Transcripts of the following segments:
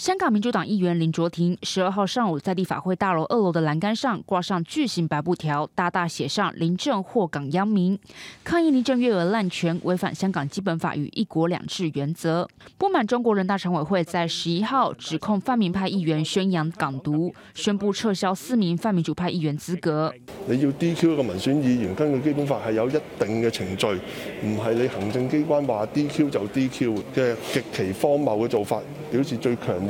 香港民主黨議員林卓廷十二號上午在立法會大樓二樓的欄杆上掛上巨型白布條，大大寫上“林鄭禍港殃民”，抗議林鄭月娥濫權，違反香港基本法與一國兩制原則。不滿中國人大常委會在十一號指控泛民主派議員宣揚港獨，宣布撤銷四名泛民主派議員資格。你要 DQ 一個民選議員，根據基本法係有一定嘅程序，唔係你行政機關話 DQ 就 DQ 嘅，極其荒謬嘅做法，表示最強。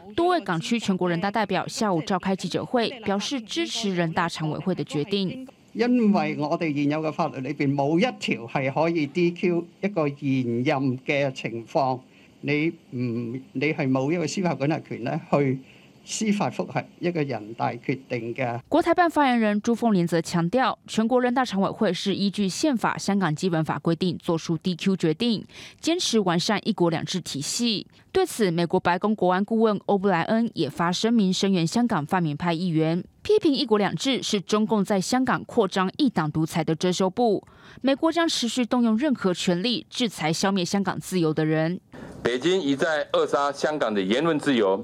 多位港區全國人大代表下午召開記者會，表示支持人大常委會嘅決定。因為我哋現有嘅法律裏邊冇一條係可以 DQ 一個現任嘅情況，你唔你係冇一個司法管轄權咧去。司法覆核一個人大決定嘅國台辦發言人朱鳳蓮則強調，全國人大常委會是依據憲法、香港基本法規定作出 DQ 決定，堅持完善一國兩制體系。對此，美國白宮國安顧問歐布萊恩也發聲明聲援香港泛民派議員，批評一國兩制是中共在香港擴張一黨獨裁的遮羞布。美國將持續動用任何權力制裁、消滅香港自由的人。北京已在扼殺香港的言論自由。